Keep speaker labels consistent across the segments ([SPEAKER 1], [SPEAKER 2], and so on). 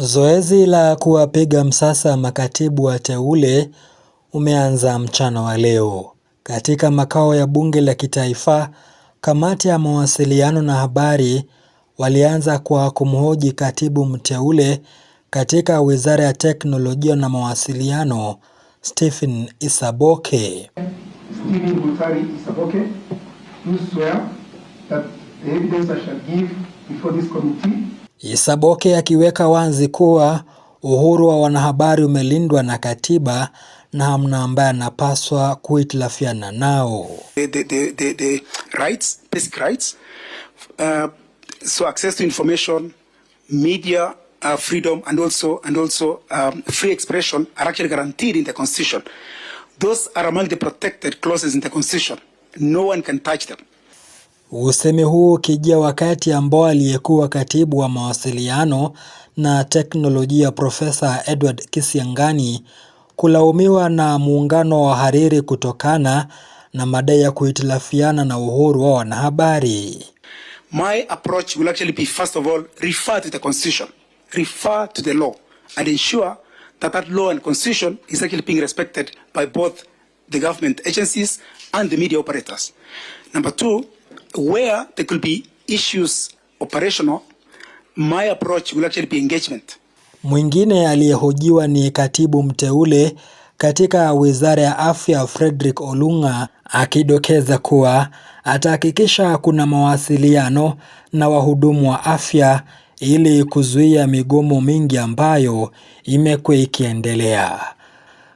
[SPEAKER 1] Zoezi la kuwapiga msasa makatibu wateule umeanza mchana wa leo. Katika makao ya bunge la kitaifa, kamati ya mawasiliano na habari walianza kwa kumhoji katibu mteule katika Wizara ya Teknolojia na Mawasiliano, Stephen Isaboke. Stephen Isaboke akiweka wazi kuwa uhuru wa wanahabari umelindwa na katiba na hamna ambaye anapaswa kuhitilafiana nao.
[SPEAKER 2] The, the, the, the, the rights, basic rights, uh, so access to information, media uh, freedom and also, and also um, free expression are actually guaranteed in the constitution. Those are among the protected clauses in the constitution. No one can touch them.
[SPEAKER 1] Usemi huu ukijia wakati ambao aliyekuwa Katibu wa Mawasiliano na Teknolojia Profesa Edward Kisiang'ani kulaumiwa na muungano wa hariri kutokana na madai ya kuhitilafiana na uhuru wa wanahabari.
[SPEAKER 2] My approach will actually be first of all refer to the constitution, refer to the law and ensure that that law and constitution is actually being respected by both the government agencies and the media operators. Number two, where there could be issues operational, my approach will actually be engagement.
[SPEAKER 1] Mwingine aliyehojiwa ni katibu mteule katika Wizara ya Afya Frederick Olunga akidokeza kuwa atahakikisha kuna mawasiliano na wahudumu wa afya ili kuzuia migomo mingi ambayo imekuwa ikiendelea.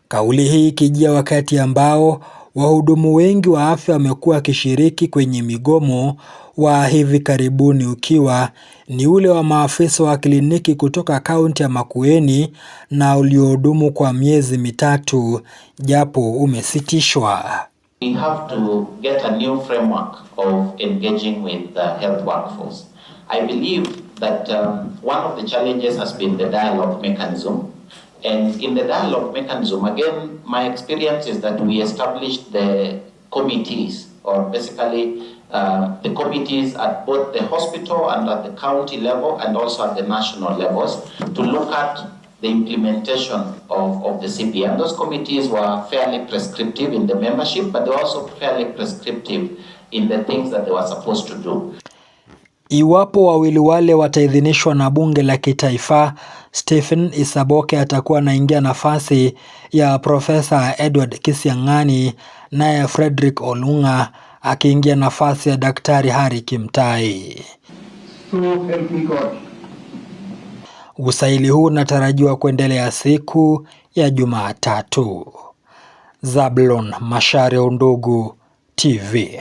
[SPEAKER 1] Kauli hii ikijia wakati ambao Wahudumu wengi wa afya wamekuwa wakishiriki kwenye migomo wa hivi karibuni ukiwa ni ule wa maafisa wa kliniki kutoka kaunti ya Makueni na uliodumu kwa miezi mitatu japo umesitishwa.
[SPEAKER 3] We have to get a new framework of engaging with the health workforce. I believe that um, one of the challenges has been the dialogue mechanism. And in the dialogue mechanism, again, my experience is that we established the committees, or basically uh, the committees at both the hospital and at the county level and also at the national levels to look at the implementation of, of the CPM. Those committees were fairly prescriptive in the membership, but they were also fairly prescriptive in the things that they were supposed to do.
[SPEAKER 1] Iwapo wawili wale wataidhinishwa na bunge la kitaifa, Stephen Isaboke atakuwa anaingia nafasi ya Profesa Edward Kisiang'ani, naye Frederick Olung'a akiingia nafasi ya Daktari Harry Kimtai. Usaili huu unatarajiwa kuendelea siku ya Jumatatu. Zablon Macharia, Undugu TV.